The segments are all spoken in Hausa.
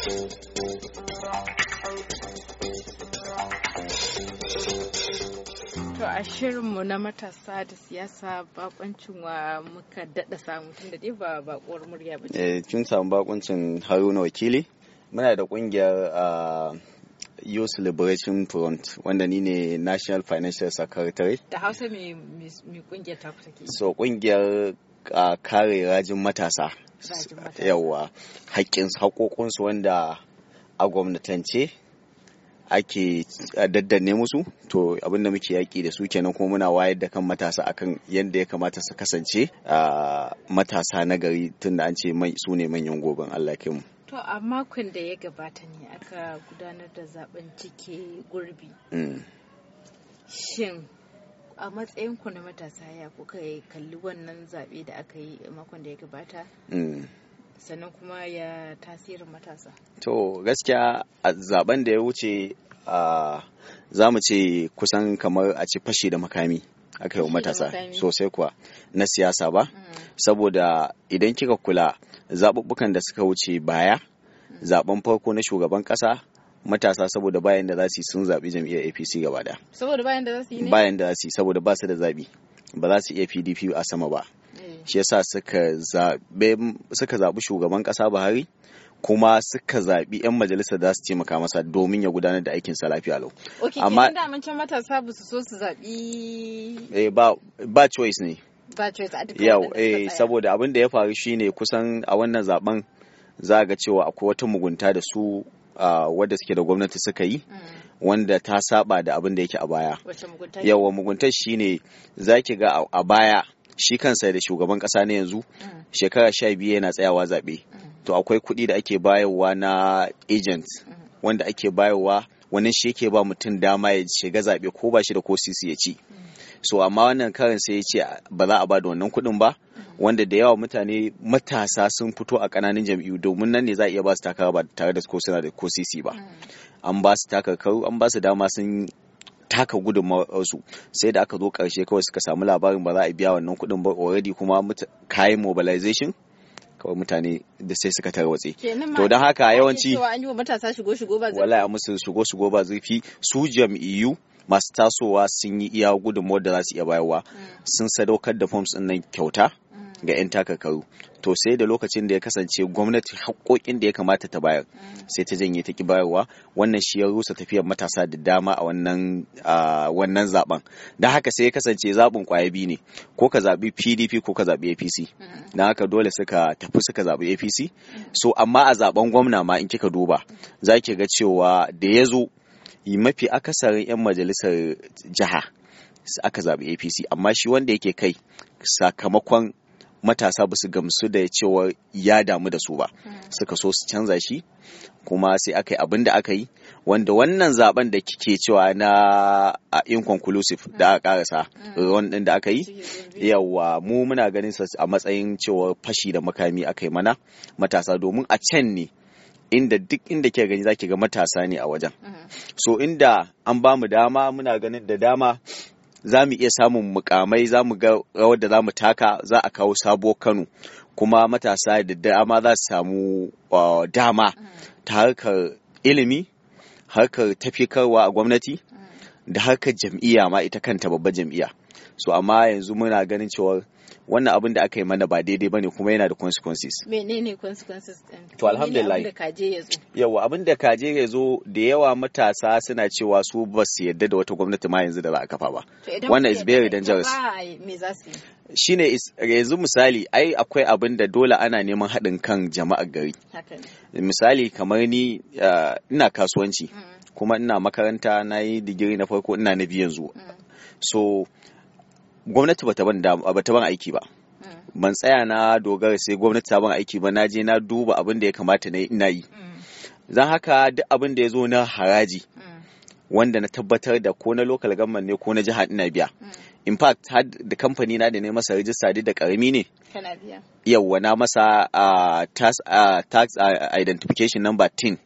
To a shirinmu na matasa da siyasa bakoncin wa muka daɗa samu da dai ba bakuwar murya ba. Eh kin samu bakoncin Haruna Wakili? Muna da ƙungiyar Youth Liberation Front wanda ni ne National Financial Secretary. Da Hausa mai kungiyar ta ke? So kungiyar kare rajin matasa yawa haƙƙin haƙoƙinsu wanda a gwamnatance ake daddane musu to abinda muke yaƙi da su kenan kuma muna wayar da kan matasa akan yadda ya kamata su kasance a matasa na gari tun da an ce su ne manyan goben Allah mu. To a makon da ya gabata ne aka gudanar da zaben cike gurbi. Mm. Shin a matsayin ku na matasa ya kuka kalli wannan zaɓe da aka yi makon da ya gabata mm. sannan kuma ya tasirin matasa to gaskiya a zaben da ya wuce a za mu ce kusan kamar a ci fashe da makami aka yi matasa sosai kuwa na siyasa ba mm. saboda idan kika kula zaɓuɓɓukan da suka wuce baya mm. zaben farko na shugaban ƙasa matasa saboda bayan da za su yi sun zaɓi jam'iyyar apc gaba da bayan da za su yi saboda ba su da zaɓi ba za su iya pdp a sama ba eh. shi yasa suka suka zaɓi shugaban ƙasa buhari kuma suka zaɓi 'yan majalisar da su taimaka masa domin ya gudanar da aikinsa lafiya lau. Ok, amma da amincin matasa ba su so su zaɓi. Eh, ba, choice ne. Ba choice a duk Yau, eh, saboda abin da ya faru shine kusan a wannan zaben za ga cewa akwai wata mugunta da su wadda suke da gwamnati suka yi mm. wanda ta saba da abin da yake a baya yawa muguntar za ki ga a baya shi kansa da shugaban kasa na yanzu mm. shekara sha biyu yana tsayawa zaɓe mm. to akwai kuɗi da ake bayarwa na agent wanda ake bayarwa wani shi yake ba mutum dama ya shiga zaɓe ko ba shi da ko sisi ya ci so amma wannan karin sai ya ce ba za a ba da wannan kuɗin ba wanda da yawa mutane matasa sun fito a ƙananan jam'iyyu domin nan ne za a iya ba su takara ba tare da ko suna da ko ba mm. an ba su takarkaru an ba su dama sun taka wasu sai da aka zo karshe kawai suka samu labarin ba za a biya wannan kuɗin ba already kuma kayan mobilization kawai mutane da sai suka tarwatse to don haka yawanci wallahi musu shigo shigo ba zurfi su jam'iyyu masu tasowa sun yi iya gudunmawar da za su iya bayarwa mm. sun sadaukar da forms ɗin nan kyauta ga 'yan takakaru to sai da lokacin da ya kasance gwamnati haƙoƙin da ya kamata ta bayar sai ta janye ta ki bayarwa wannan shi ya rusa tafiyar matasa da dama a wannan wannan zaben da haka sai ya kasance zaɓin ƙwaya biyu ne ko ka zaɓi pdp ko ka zaɓi apc na haka dole suka tafi suka zaɓi apc so amma a zaben gwamna ma in kika duba za ki ga cewa da ya zo mafi akasarin 'yan majalisar jiha aka zaɓi apc amma shi wanda yake kai sakamakon matasa ba su gamsu da cewa ya damu da su ba mm. suka so su canza shi kuma sai aka yi abin da aka yi wanda wannan zaben da kike cewa na a inconclusive da aka karasa mm. Mm. wannan da aka yi yawa mu muna ganin sa a matsayin cewa fashi da makami aka yi mana matasa domin a can ne inda duk inda ke gani zaki ga matasa ne a wajen so inda an ba mu dama muna ganin da dama za mu iya samun mukamai za mu ga rawar da za mu taka za a kawo sabuwar kano kuma matasa da dama za su samu ah, dama mm. ta harkar ilimi harkar tafikarwa a gwamnati mm. da harkar jam'iyya ma ita kanta babbar jam'iyya so amma yanzu muna ganin cewa wannan abin da aka yi mana ba daidai bane kuma yana da consequences menene consequences din to alhamdulillah yawa abin da kaje ya zo da yawa matasa suna cewa su ba su yadda da wata gwamnati ma yanzu da za a kafa ba wannan is very dangerous shine yanzu misali ai akwai abin da dole ana neman haɗin kan jama'ar gari misali kamar ni eh, ina kasuwanci mm. kuma ina makaranta na yi digiri na farko ina na biyu yanzu mm. so gwamnati bata ban ban aiki ba mm. ban tsaya na dogara sai gwamnati ta ban aiki ba na je na duba abin da ya kamata na ina yi zan mm. haka duk abin da ya zo na haraji mm. wanda na tabbatar da ko na local government ne ko na jihar ina biya in fact had da kamfani na da ne masa rijista duk da karami ne yawwa na masa tax identification number 10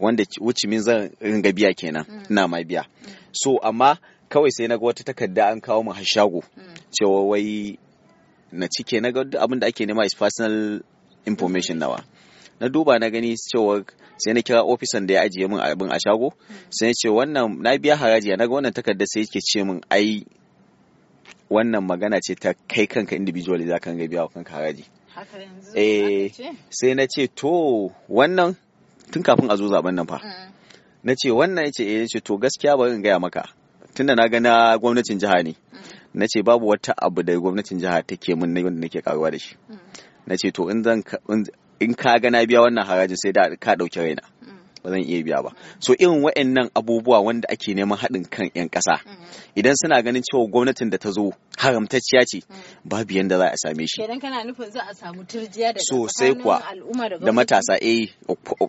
wanda wuce min zan ringa biya kenan ina ma biya so amma kawai sai na ga wata takarda an kawo mu hashago shago hmm. cewa wai na cike na ga abin da ake nema is personal information nawa na duba na gani cewa sai na kira ofisan da ya ajiye min abin a shago hmm. sai ce wannan na biya haraji na ga wannan takarda sai yake ce min ai wannan magana ce ta kai kanka individual za ka biya wa kanka haraji eh sai na ce to wannan tun kafin a zo zaben nan fa hmm. na ce wannan eh. ya ce to gaskiya bari in gaya maka tunda na gana gwamnatin jiha ne mm. na ce babu wata abu da gwamnatin jiha take mun na wanda nake karuwa da shi mm. na ce to in ka gana biya wannan harajin sai da ka dauki raina ba zan iya biya ba so irin wa'annan abubuwa wanda ake neman haɗin kan 'yan ƙasa mm-hmm. idan suna ganin cewa gwamnatin da ta zo haramtacciya ce mm. babu yadda za a same shi idan kana nufin za a samu turjiya da sosai kuwa da matasa eh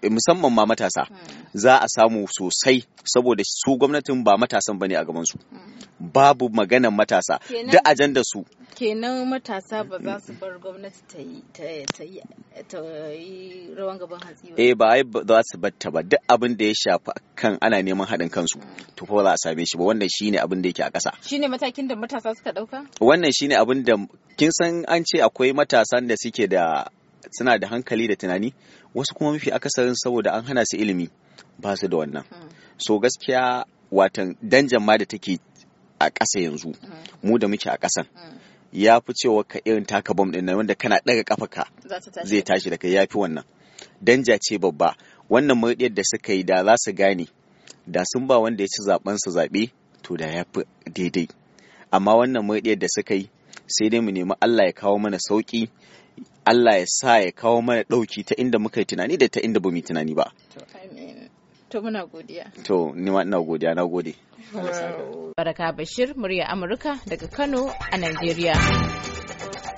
musamman ma matasa mm. za a samu sosai saboda su gwamnatin ba matasan bane a gaban su mm. babu maganan matasa duk ajandar su kenan matasa ba za su bar gwamnati ta yi rawan gaban hatsi ba eh ba ai za su batta ba duk abin da ya shafi kan ana neman haɗin kansu to fa za a same shi ba wannan shine abin da yake a ƙasa shine matakin da matasa suka ɗauka wannan shine abin da kin san an ce akwai matasan da suke da suna da hankali da tunani wasu kuma mafi akasarin saboda an hana su ilimi ba su da wannan hmm. so gaskiya watan danjan ma da take a ƙasa yanzu hmm. mu da muke a ƙasan hmm. ya fi cewa ka irin taka bom ɗin nan wanda kana daga kafa ka zai tashi da kai ya fi wannan danja ce babba wannan murɗiyar da suka yi da za su gane da sun ba wanda ya ci zaben sa zaɓe to da ya fi daidai amma wannan murɗiyar da suka yi sai dai mu nemi Allah ya kawo mana sauki Allah ya sa ya kawo mana ɗauki ta inda muka yi tunani da ta inda ba yi tunani ba. To muna godiya. To ni ma ina godiya na gode. Baraka Bashir murya Amurka daga Kano a Najeriya.